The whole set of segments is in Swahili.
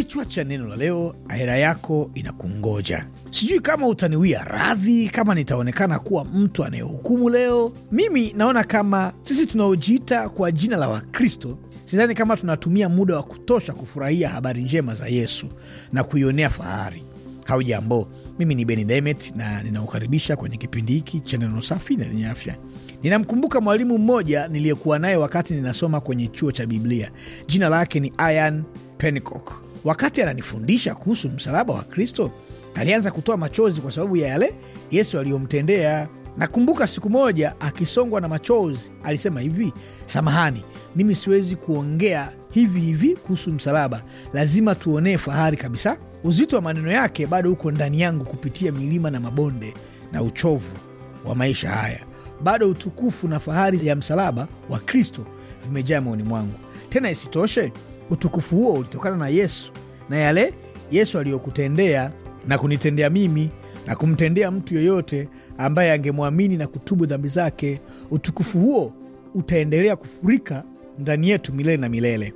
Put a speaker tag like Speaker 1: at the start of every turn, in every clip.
Speaker 1: Kichwa cha neno la leo, ahera yako inakungoja. Sijui kama utaniwia radhi kama nitaonekana kuwa mtu anayehukumu leo. Mimi naona kama sisi tunaojiita kwa jina la Wakristo, sidhani kama tunatumia muda wa kutosha kufurahia habari njema za Yesu na kuionea fahari. Haujambo, mimi ni Beni Demet na ninaukaribisha kwenye kipindi hiki cha neno safi na lenye afya. Ninamkumbuka mwalimu mmoja niliyekuwa naye wakati ninasoma kwenye chuo cha Biblia. Jina lake ni Ian Peacock. Wakati ananifundisha kuhusu msalaba wa Kristo, alianza kutoa machozi kwa sababu ya yale Yesu aliyomtendea. Nakumbuka siku moja akisongwa na machozi alisema hivi, samahani, mimi siwezi kuongea hivi hivi kuhusu msalaba, lazima tuonee fahari kabisa. Uzito wa maneno yake bado uko ndani yangu kupitia milima na mabonde na uchovu wa maisha haya, bado utukufu na fahari ya msalaba wa Kristo vimejaa moyoni mwangu. Tena isitoshe, Utukufu huo ulitokana na Yesu na yale Yesu aliyokutendea na kunitendea mimi na kumtendea mtu yoyote ambaye angemwamini na kutubu dhambi zake. Utukufu huo utaendelea kufurika ndani yetu milele na milele.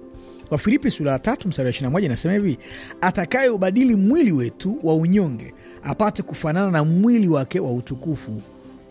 Speaker 1: Wafilipi sura ya tatu mstari wa ishirini na moja inasema hivi, atakayeubadili mwili wetu wa unyonge apate kufanana na mwili wake wa utukufu,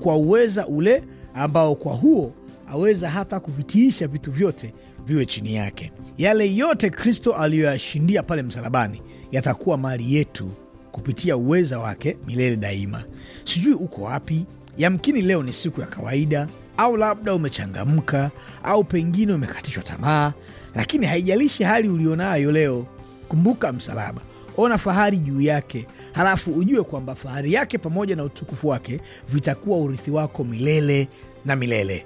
Speaker 1: kwa uweza ule ambao kwa huo aweza hata kuvitiisha vitu vyote viwe chini yake. Yale yote Kristo aliyoyashindia pale msalabani yatakuwa mali yetu kupitia uweza wake milele daima. Sijui uko wapi, yamkini leo ni siku ya kawaida, au labda umechangamka, au pengine umekatishwa tamaa, lakini haijalishi hali ulionayo leo, kumbuka msalaba, ona fahari juu yake, halafu ujue kwamba fahari yake pamoja na utukufu wake vitakuwa urithi wako milele na milele